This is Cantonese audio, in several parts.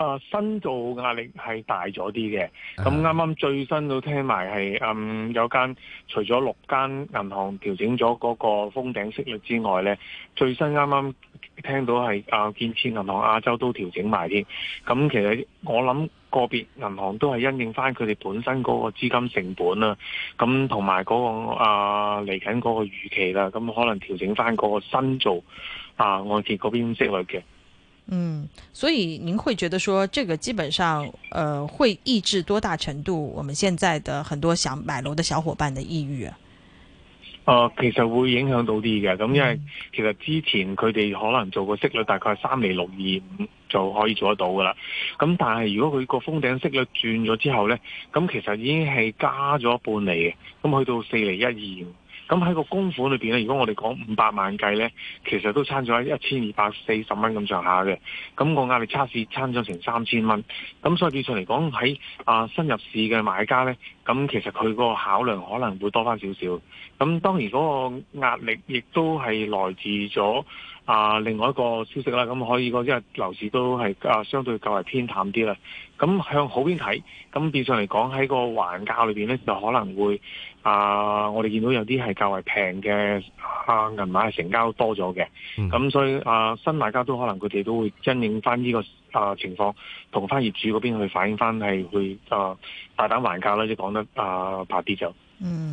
啊，新造壓力係大咗啲嘅。咁啱啱最新都聽埋係，嗯，有間除咗六間銀行調整咗嗰個封頂息率之外呢，最新啱啱聽到係啊，建設銀行亞洲都調整埋添。咁其實我諗個別銀行都係因應翻佢哋本身嗰個資金成本啦、啊，咁同埋嗰個啊嚟緊嗰個預期啦，咁可能調整翻嗰個新造啊按揭嗰邊息率嘅。嗯，所以您會覺得說，這個基本上，呃，會抑制多大程度我們現在的很多想買樓的小伙伴的抑鬱？啊、呃？其實會影響到啲嘅，咁因為其實之前佢哋可能做過息率大概三厘六二五就可以做得到噶啦，咁但係如果佢個封頂息率轉咗之後咧，咁其實已經係加咗半厘嘅，咁去到四厘一二。咁喺個供款裏面，咧，如果我哋講五百萬計咧，其實都差咗一千二百四十蚊咁上下嘅。咁、個壓力測試差是差咗成三千蚊。咁所以變相嚟講，喺啊新入市嘅買家咧，咁其實佢個考量可能會多翻少少。咁當然嗰個壓力亦都係來自咗。啊，另外一個消息啦，咁可以講，即係樓市都係啊，相對較為偏淡啲啦。咁向好邊睇？咁變相嚟講，喺個還價裏面咧，就可能會啊，我哋見到有啲係較為平嘅啊銀碼成交多咗嘅。咁、嗯、所以啊，新買家都可能佢哋都會因應翻呢個啊情況，同翻業主嗰邊去反映翻係去啊大膽還價啦，即、就、係、是、講得啊白啲就。嗯。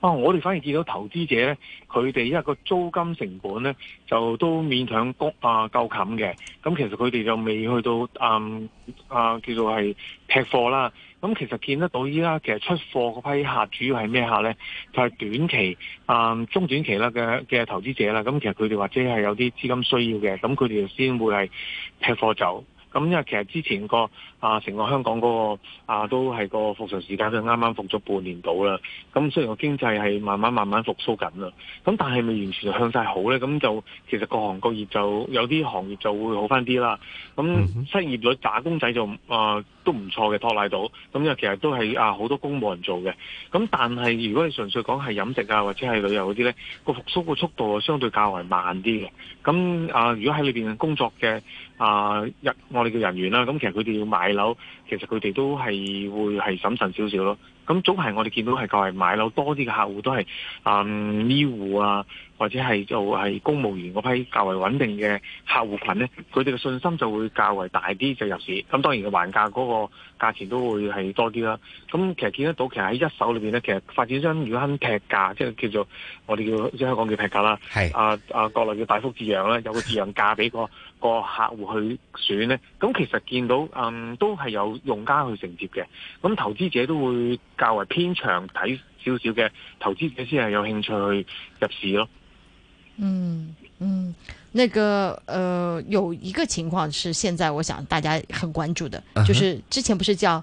啊！我哋反而見到投資者咧，佢哋因為個租金成本咧，就都勉強谷啊夠冚嘅。咁、嗯、其實佢哋就未去到嗯啊叫做係劈貨啦。咁、嗯、其實見得到依家其實出貨嗰批客主要係咩客咧？就係、是、短期啊、嗯、中短期啦嘅嘅投資者啦。咁、嗯、其實佢哋或者係有啲資金需要嘅，咁佢哋先會係劈貨走。咁、嗯、因為其實之前個。啊！成個香港嗰、嗰個啊，都係個復常時間就啱啱復咗半年到啦。咁雖然個經濟係慢慢慢慢復甦緊啦，咁但係咪完全向晒好咧？咁就其實各行各業就有啲行業就會好翻啲啦。咁失業咗打工仔就啊都唔錯嘅托賴到。咁又其實都係啊好多公務人做嘅。咁但係如果你純粹講係飲食啊或者係旅遊嗰啲咧，個復甦個速度相對較為慢啲嘅。咁啊，如果喺裏面工作嘅啊日我哋嘅人員啦，咁其實佢哋要買，買樓，其實佢哋都係會係審慎少少咯。咁總係我哋見到係較為買樓多啲嘅客戶，都係啊，醫護啊，或者係做係公務員嗰批較為穩定嘅客戶群咧，佢哋嘅信心就會較為大啲，就入市。咁當然嘅還價嗰個價錢都會係多啲啦。咁其實見得到，其實喺一手裏邊咧，其實發展商如果肯劈價，即係叫做我哋叫即係香港叫劈價啦，係啊是啊，國內叫大幅折讓咧，有個折讓價俾個。個客戶去選呢，咁其實見到嗯，都係有用家去承接嘅。咁投資者都會較為偏長睇少少嘅投資者先係有興趣去入市咯。嗯嗯，那個、呃、有一個情況是，現在我想大家很關注的，就是之前不是叫。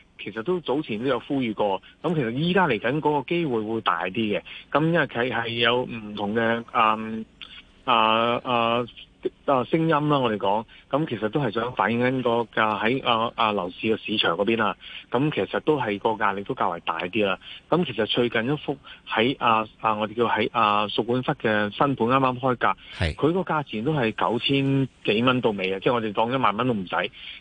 其實都早前都有呼籲過，咁其實依家嚟緊嗰個機會會大啲嘅，咁因為佢係有唔同嘅誒誒誒。嗯啊啊啊聲音啦，我哋講咁其實都係想反映緊個價喺啊啊樓市嘅市場嗰邊啦。咁其實都係個壓力都較為大啲啦。咁其實最近一幅喺啊啊我哋叫喺啊宿管室嘅新盤啱啱開價，係佢個價錢都係九千幾蚊到尾啊，即係我哋當一萬蚊都唔使。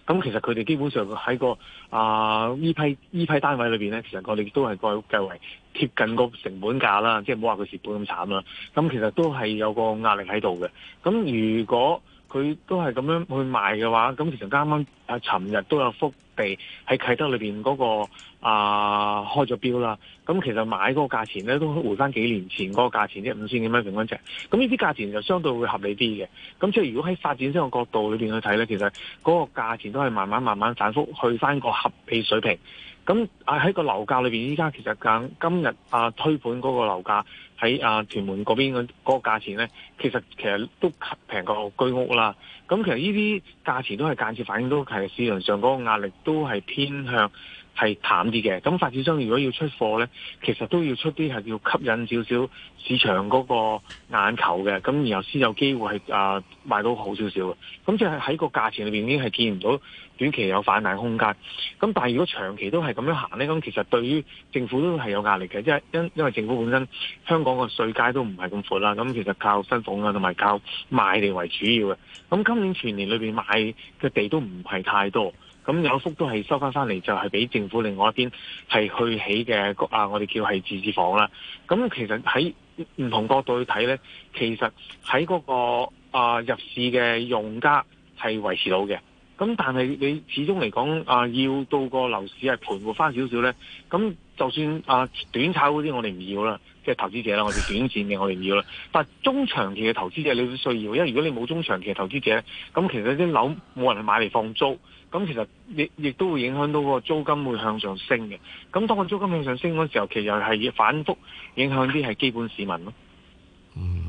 咁其實佢哋基本上喺個啊呢批呢批單位裏邊咧，其實我哋都係計計貼近個成本價啦，即係唔好話佢蝕本咁慘啦。咁其實都係有個壓力喺度嘅。咁如果佢都係咁樣去賣嘅話，咁其實啱啱。啊！尋日都有幅地喺啟德裏邊嗰個啊，開咗標啦。咁其實買嗰個價錢咧，都回翻幾年前嗰個價錢，即係五千幾蚊平均尺。咁呢啲價錢就相對會合理啲嘅。咁即係如果喺發展商嘅角度裏邊去睇咧，其實嗰個價錢都係慢慢慢慢反覆去翻個合理水平。咁喺個樓價裏邊，依家其實緊今日啊，推盤嗰個樓價喺，啊屯門嗰邊嗰個價錢咧，其實其實都平過居屋啦。咁其實呢啲價錢都係間接反映都係。市場上嗰個壓力都係偏向。係淡啲嘅，咁發展商如果要出貨呢，其實都要出啲係要吸引少少市場嗰個眼球嘅，咁然後先有機會係啊賣到好少少嘅，咁即係喺個價錢裏面已經係見唔到短期有反彈空間。咁但係如果長期都係咁樣行呢，咁其實對於政府都係有壓力嘅，即係因因為政府本身香港個稅階都唔係咁闊啦，咁其實靠薪俸啊同埋靠賣地為主要嘅，咁今年全年裏面買嘅地都唔係太多。咁有幅都係收翻翻嚟，就係俾政府另外一邊係去起嘅啊。我哋叫係自置房啦。咁其實喺唔同角度去睇呢，其實喺嗰、嗰個啊入市嘅用家係維持到嘅。咁但係你始終嚟講啊，要到個樓市係盤活翻少少呢。咁就算啊短炒嗰啲，我哋唔要啦，即係投資者啦，者我哋短線嘅我哋唔要啦。但中長期嘅投資者你都需要，因為如果你冇中長期嘅投資者，咁其實啲樓冇人去買嚟放租。咁其實亦亦都會影響到個租金會向上升嘅。咁當個租金向上升嗰時候，其實係反覆影響啲係基本市民咯。嗯。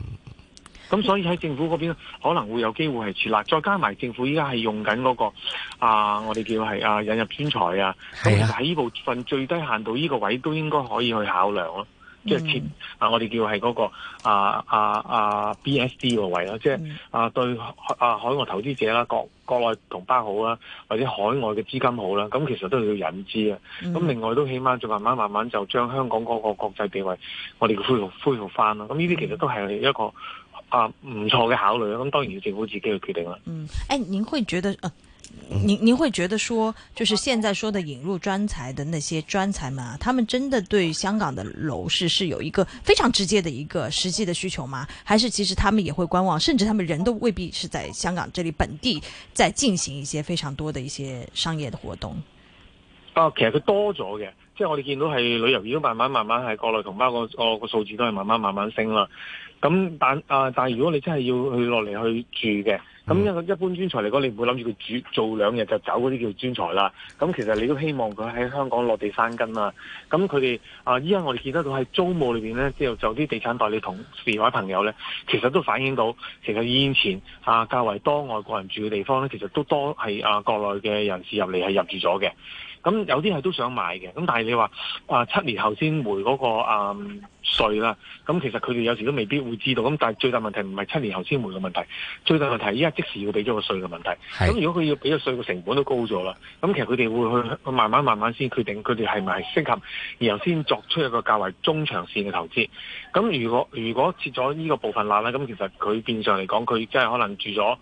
咁所以喺政府嗰邊可能會有機會係設立，再加埋政府依家係用緊嗰個啊，我哋叫係啊引入專才啊。咁其實喺呢部分最低限度呢個位都應該可以去考量咯。即係、嗯那個、啊！我哋叫係嗰個啊啊 B、就是嗯、啊 B S D 個位啦，即係啊對啊海外投資者啦，國國內同胞好啦，或者海外嘅資金好啦，咁其實都要引資啊。咁、嗯、另外都起碼仲慢慢慢慢就將香港嗰個國際地位我，我哋嘅恢復恢復翻啦。咁呢啲其實都係一個啊唔錯嘅考慮，咁當然要政府自己去決定啦。嗯，誒、哎，您會覺得誒？您您會覺得說，就是現在說的引入專才的那些專才們啊，他們真的對香港的樓市是有一個非常直接的一個實際的需求嗎？還是其實他們也會觀望，甚至他們人都未必是在香港這裏本地在進行一些非常多的一些商業的活動？啊，其實佢多咗嘅，即係我哋見到係旅遊業慢慢慢慢係國內同胞個個數字都係慢慢慢慢升啦。咁但啊、呃、但如果你真係要去落嚟去住嘅。咁一個一般專才嚟講，你唔會諗住佢住做兩日就走嗰啲叫專才啦。咁其實你都希望佢喺香港落地生根啦。咁佢哋啊，依家、呃、我哋見得到喺租務裏面咧，即係就啲地產代理同事位朋友咧，其實都反映到其實以前啊較為多外國人住嘅地方咧，其實都多係啊國內嘅人士入嚟係入住咗嘅。咁有啲係都想買嘅，咁但係你話啊七年後先回嗰、那個啊稅啦，咁、嗯、其實佢哋有時都未必會知道，咁但係最大問題唔係七年後先回嘅問題，最大問題依家即時要俾咗個稅嘅問題。咁如果佢要俾個稅，個成本都高咗啦，咁其實佢哋會去慢慢慢慢先決定佢哋係咪適合，而然後先作出一個較為中長線嘅投資。咁如果如果撤咗呢個部分辣啦，咁其實佢變相嚟講，佢即係可能住咗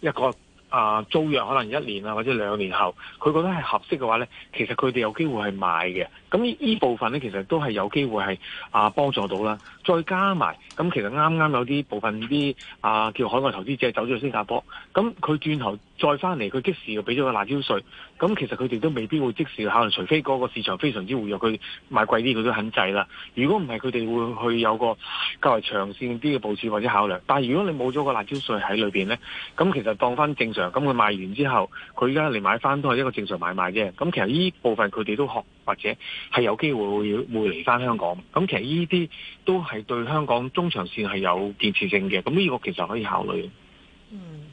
一個。啊，租約可能一年啊，或者兩年後，佢覺得係合適嘅話呢，其實佢哋有機會係買嘅。咁呢部分呢，其實都係有機會係啊幫助到啦。再加埋，咁其實啱啱有啲部分啲啊叫海外投資者走咗去新加坡，咁佢轉頭，再翻嚟，佢即時又俾咗個辣椒稅，咁其實佢哋都未必會即時去考慮，除非嗰個市場非常之活躍，佢賣貴啲佢都肯制啦。如果唔係，佢哋會去有個較為長線啲嘅部署或者考量。但係如果你冇咗個辣椒稅喺裏面呢，咁其實當翻正常，咁佢賣完之後，佢而家嚟買翻都係一個正常買賣啫。咁其實呢部分佢哋都學或者係有機會會嚟翻香港。咁其實呢啲都係對香港中長線係有建設性嘅。咁呢個其實可以考慮。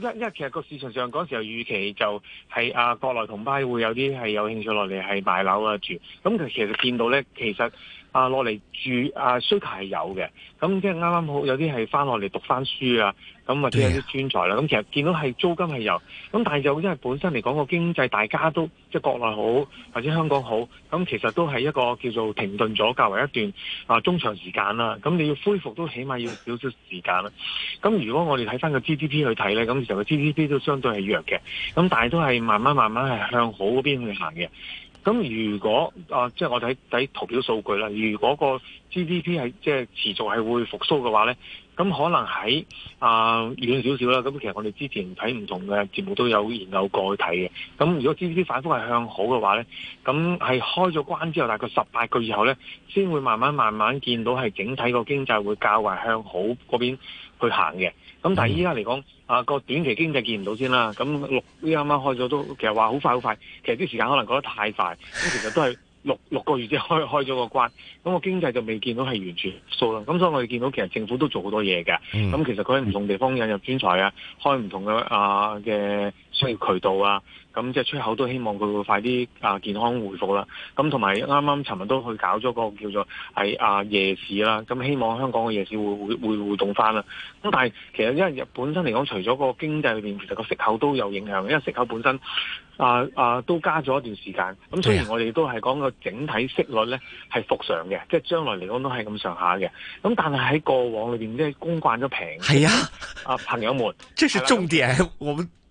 因因為其實個市場上嗰陣時，就預期就係、是、啊，國內同胞會有啲係有興趣落嚟係買樓啊住。咁佢其實見到咧，其實啊落嚟住啊需求係有嘅。咁即係啱啱好有啲係翻落嚟讀翻書啊。咁或者啲專才啦，咁其實見到係租金係由咁，但係就因為本身嚟講個經濟大家都即係國內好或者香港好，咁其實都係一個叫做停頓咗較為一段啊中長時間啦。咁你要恢復都起碼要少少時間啦。咁如果我哋睇翻個 GDP 去睇呢，咁其實個 GDP 都相對係弱嘅，咁但係都係慢慢慢慢係向好嗰邊去行嘅。咁如果啊、呃，即係我睇睇圖表數據啦，如果個 GDP 係即係、就是、持續係會復蘇嘅話咧，咁可能喺啊、呃、遠少少啦，咁其實我哋之前睇唔同嘅節目都有研究過去睇嘅。咁如果 GDP 反复係向好嘅話咧，咁係開咗關之後大概十八個月後咧，先會慢慢慢慢見到係整體個經濟會較為向好嗰邊去行嘅。咁、嗯、但係依家嚟講，啊個短期經濟見唔到先啦。咁六呢啱啱開咗都，其實話好快好快，其實啲時間可能過得太快，咁其實都係六六個月之後開開咗個關，咁個經濟就未見到係完全數啦。咁所以我哋見到其實政府都做好多嘢嘅，咁、嗯嗯、其實佢喺唔同地方引入專才啊，開唔同嘅啊嘅商業渠道啊。咁、嗯、即係出口都希望佢會快啲啊健康回復啦，咁同埋啱啱尋日都去搞咗個叫做係啊夜市啦，咁、嗯、希望香港嘅夜市會會會活動翻啦。咁、嗯、但係其實因為日本身嚟講，除咗個經濟裏面，其實個息口都有影響。因為息口本身啊啊都加咗一段時間。咁、嗯、雖然我哋都係講個整體息率咧係復常嘅，即係將來嚟講都係咁上下嘅。咁但係喺過往裏面即係供慣咗平。係啊，啊朋友們，這是重點了我們。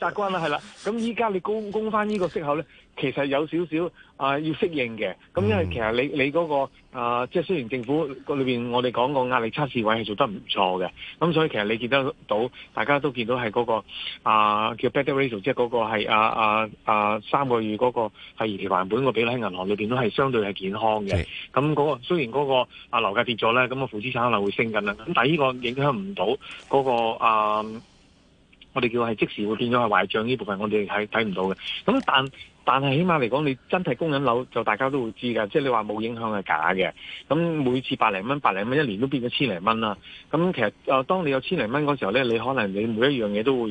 習慣啦，係啦。咁依家你供供翻呢個息口咧，其實有少少啊要適應嘅。咁因為其實你你嗰、那個啊、呃，即係雖然政府個裏面我哋講個壓力測試位係做得唔錯嘅。咁所以其實你見得到，大家都見到係嗰、那個、呃、叫 ratio，個啊叫 beta ratio，即係嗰個係啊啊啊三個月嗰、那個係二期還本個比例喺銀行裏面都係相對係健康嘅。咁嗰的、嗯那個雖然嗰、那個啊樓價跌咗咧，咁、那個負資產可能會升緊啦。咁但係呢個影響唔到嗰個啊。我哋叫係即時會變咗係壞帳呢部分我，我哋係睇唔到嘅。咁但但係起碼嚟講，你真係供緊樓就大家都會知㗎。即係你話冇影響係假嘅。咁每次百零蚊、百零蚊一年都變咗千零蚊啦。咁其實誒、呃，當你有千零蚊嗰時候咧，你可能你每一樣嘢都會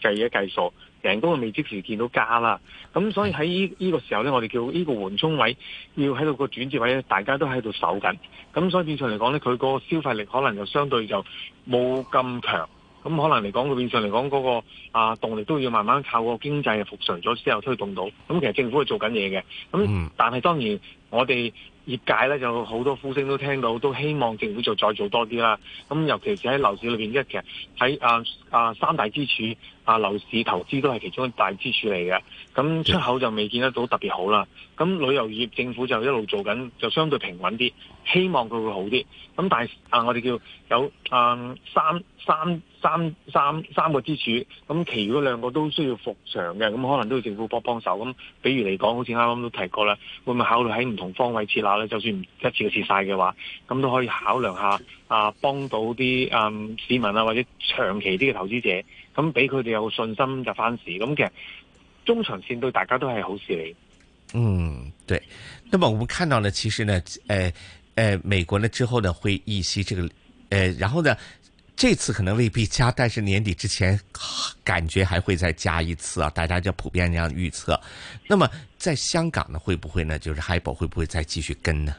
計一計數，人工未即時見到加啦。咁所以喺呢呢個時候咧，我哋叫呢個緩衝位要喺度個轉折位咧，大家都喺度守緊。咁所以變相嚟講咧，佢個個消費力可能就相對就冇咁強。咁可能嚟講，佢變相嚟講嗰個啊動力都要慢慢靠個經濟嘅復常咗之後推動到。咁其實政府係做緊嘢嘅，咁但係當然我哋業界咧就好多呼聲都聽到，都希望政府就再做多啲啦。咁尤其是喺樓市裏面，即係其實喺啊啊三大支柱。啊，樓市投資都係其中一大支柱嚟嘅，咁出口就未見得到特別好啦。咁旅遊業政府就一路做緊，就相對平穩啲，希望佢會好啲。咁但係啊，我哋叫有啊三三三三三個支柱，咁其餘嗰兩個都需要復常嘅，咁可能都要政府幫幫手。咁比如嚟講，好似啱啱都提過啦，會唔會考慮喺唔同方位設立咧？就算唔一次嘅設晒嘅話，咁都可以考量下。啊，幫到啲嗯市民啊，或者長期啲嘅投資者，咁俾佢哋有信心就翻市。咁其實中長線對大家都係好事嚟。嗯，對。那麼我們看到呢，其實呢，誒、呃、誒、呃、美國呢之後呢會議息這個誒、呃，然後呢這次可能未必加，但是年底之前感覺還會再加一次啊，大家就普遍這樣預測。那麼在香港呢，會不會呢？就是 HIBOR 會不會再繼續跟呢？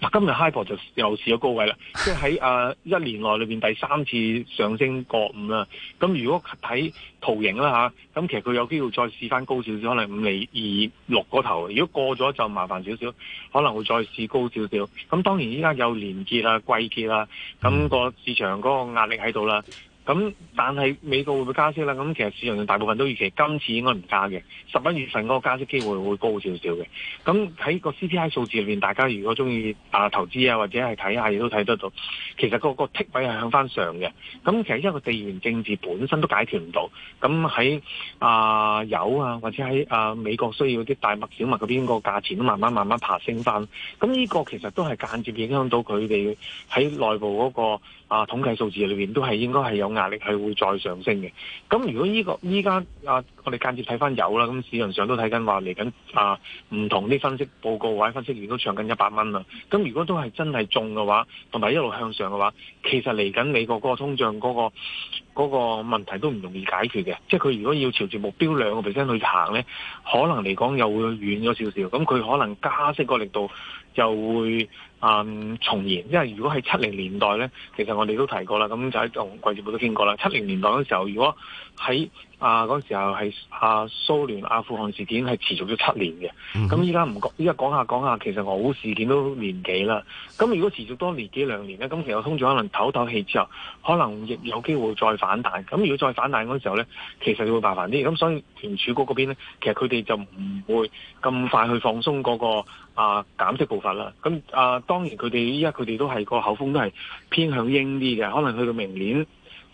今日 HIBOR 就又試咗高位啦，即係喺啊一年內裏面第三次上升過五啦。咁如果睇圖形啦嚇，咁其實佢有機會再試翻高少少，可能五厘二六個頭。如果過咗就麻煩少少，可能會再試高少少。咁當然依家有連結啦、季結啦，咁個市場嗰個壓力喺度啦。咁但係美國會唔會加息啦？咁其實市場上大部分都預期今次應該唔加嘅。十一月份嗰個加息機會會高少少嘅。咁喺個 CPI 數字裏面，大家如果中意啊投資啊，或者係睇下，亦都睇得到。其實、個個 tick 位係向翻上嘅。咁其實一個地緣政治本身都解決唔到。咁喺啊油啊，或者喺啊、呃、美國需要啲大麥小麥嗰邊個價錢都慢慢慢慢爬升翻。咁呢個其實都係間接影響到佢哋喺內部嗰、嗰個。啊，統計數字裏面都係應該係有壓力，係會再上升嘅。咁如果依、依個依家啊，我哋間接睇翻有啦，咁市場上都睇緊話嚟緊啊，唔同啲分析報告或者分析員都漲緊一百蚊啦。咁如果都係真係中嘅話，同埋一路向上嘅話，其實嚟緊美國嗰個通脹嗰、嗰個。嗰個問題都唔容易解決嘅，即係佢如果要朝住目標兩個 percent 去行呢，可能嚟講又會遠咗少少，咁佢可能加息個力度就會嗯重現，因為如果喺七零年代呢，其實我哋都提過啦，咁就喺《季節報》都聽過啦，七零年代嘅時候如果喺啊！嗰時候係啊，蘇聯阿富汗事件係持續咗七年嘅。咁依家唔講，依家講下講下，其實俄烏事件都年幾啦。咁如果持續多年幾兩年咧，咁其實通脹可能唞唞氣之後，可能亦有機會再反彈。咁如果再反彈嗰時候咧，其實會麻煩啲。咁所以聯儲局嗰邊咧，其實佢哋就唔會咁快去放鬆嗰個啊減息步伐啦。咁啊，當然佢哋依家佢哋都係個口風都係偏向英啲嘅，可能去到明年。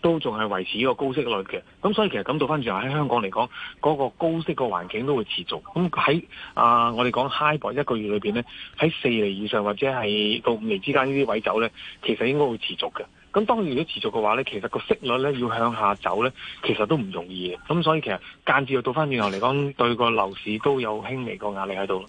都仲係維持呢個高息率嘅，咁所以其實咁到翻轉頭喺香港嚟講，嗰、嗰個高息個環境都會持續。咁喺啊，我哋講 HIBOR 一個月裏面咧，喺四厘以上或者係到五厘之間呢啲位走咧，其實應該會持續嘅。咁當然如果持續嘅話咧，其實個息率咧要向下走咧，其實都唔容易嘅。咁所以其實間接到翻轉頭嚟講，對個樓市都有輕微個壓力喺度。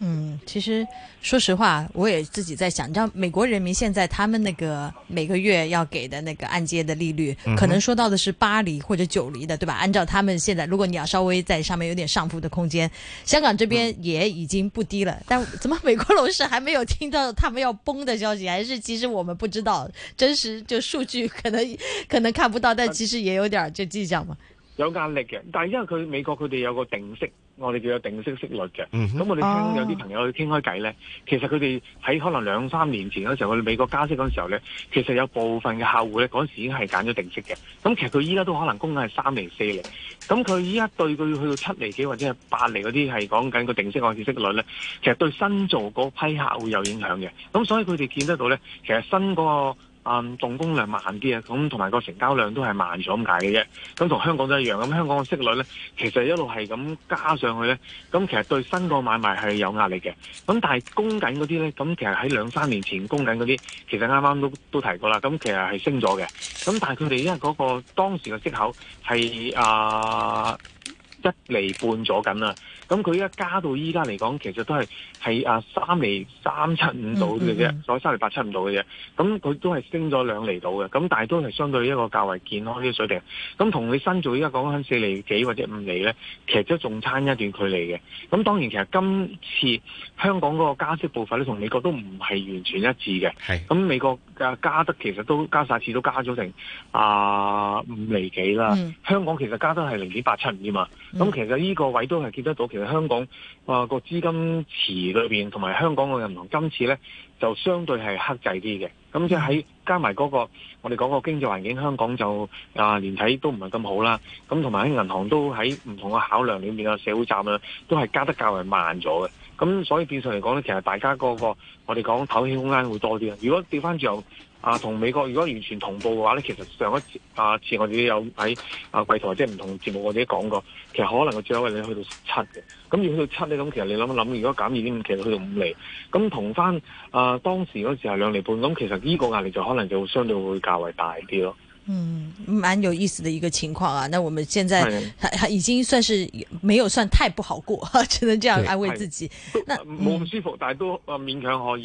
嗯，其實說實話，我也自己在想，你知道美國人民現在他們那個每個月要給的那個按揭的利率，嗯、哼可能說到的是八厘或者九厘的，對吧？按照他們現在，如果你要稍微在上面有點上浮的空間，香港這邊也已經不低了。嗯、但怎麼美國樓市還沒有聽到他們要崩的消息？還是其實我們不知道真實就數據，可能可能看不到，但其實也有點就迹象嘛。有壓力的，但因為佢美國佢哋有個定息。我哋叫做定息息率嘅，咁、mm hmm. 我哋聽有啲朋友去傾開偈咧，oh. 其實佢哋喺可能兩三年前嗰時候，去美國加息嗰陣時候咧，其實有部分嘅客戶咧嗰時已經係揀咗定息嘅。咁其實佢依家都可能供緊係三厘、四厘。咁佢依家對佢去到七厘幾或者係八厘嗰啲係講緊個定息按揭息率咧，其實對新造嗰批客戶會有影響嘅。咁所以佢哋見得到咧，其實新嗰個。誒動工量慢啲啊，咁同埋個成交量都係慢咗咁解嘅啫。咁同香港都一樣，咁香港嘅息率呢，其實一路係咁加上去呢。咁其實對新個買賣係有壓力嘅。咁但係供緊嗰啲呢，咁其實喺兩三年前供緊嗰啲，其實啱啱都都提過啦。咁其實係升咗嘅。咁但係佢哋因為嗰個當時嘅息口係啊、呃、一厘半咗緊啦。咁佢依家加到依家嚟講，其實都係係啊三厘三七五度嘅啫，所以三厘八七五度嘅啫。咁佢都係升咗兩厘度嘅。咁但係都係相對一個較為健康啲水平。咁同你新做依家講緊四厘幾或者五厘咧，其實都仲差一段距離嘅。咁當然其實今次香港嗰個加息步伐咧，同美國都唔係完全一致嘅。咁是美國嘅加得其實都加晒次都加咗成啊五、呃、厘幾啦。嗯、香港其實加得係零點八七五啫嘛。咁其實呢個位都係見得到。其實香港啊個資金池裏邊，同埋香港個銀行今次咧就相對係克制啲嘅。咁即係加埋嗰、那個我哋講個經濟環境，香港就啊連體都唔係咁好啦。咁同埋喺銀行都喺唔同嘅考量裏面啊，社會站啊都係加得較為慢咗嘅。咁所以變相嚟講咧，其實大家嗰、那個我哋講透氣空間會多啲啊。如果調翻轉又。啊，同美國如果完全同步嘅話咧，其實上一次啊，我自己有喺啊櫃台即係唔同節目我自己講過，其實可能個最後你去到七嘅，咁要去到七咧，咁其實你諗一諗，如果減二點五，其實去到五厘，咁同翻啊當時嗰時候兩厘半，咁其實呢個壓力就可能就相對會較為大啲咯。嗯，蠻有意思的一個情況啊！那我們現在已經算是沒有算太不好過，只能這樣安慰自己。冇咁舒服，但係都勉強可以。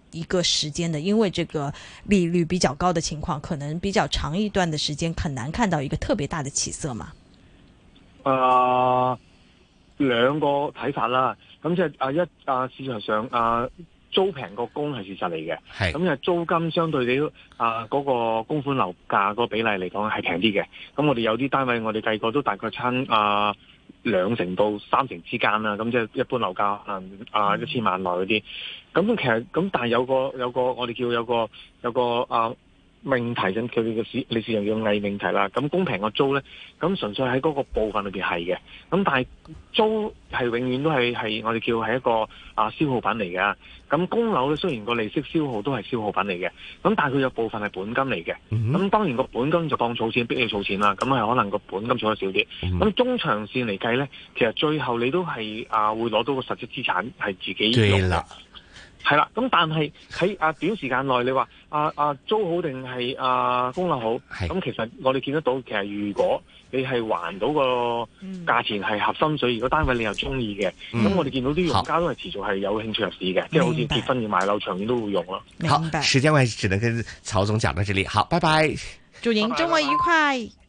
一個時間的，因為這個利率比較高的情況，可能比較長一段的時間，很難看到一個特別大的起色嘛。誒、呃，兩個睇法啦，咁即係啊一啊市場上啊租平個供係事實嚟嘅，咁因為租金相對你啊嗰、那個供款樓價個比例嚟講係平啲嘅，咁我哋有啲單位我哋計過都大概差啊。兩成到三成之間啦，咁即係一般樓價啊啊一千萬內嗰啲，咁其實咁，但係有個有個我哋叫有個有個啊。命題上佢哋嘅利市叫偽命題啦，咁公平個租呢，咁純粹喺嗰個部分裏邊係嘅，咁但係租係永遠都係係我哋叫係一個啊消耗品嚟嘅，咁供樓呢，雖然個利息消耗都係消耗品嚟嘅，咁但係佢有部分係本金嚟嘅，咁、嗯、哼當然個本金就當儲錢逼你儲錢啦，咁係可能個本金儲得少啲，咁、嗯、哼中長線嚟計呢，其實最後你都係啊會攞到個實質資產係自己用啦係啦，咁了但係喺啊短時間內你話。啊啊租好定係啊供樓好，咁是其實我哋見得到，其實如果你係還到個價錢係合心水，嗯、如果單位你又中意嘅，咁、嗯、我哋見到啲用家好都係持續係有興趣入市嘅，白即係好似結婚要買樓，長遠都會用咯。白好，時間我只能跟曹總講到這裏，好，拜拜，祝您週末愉快。拜拜拜拜。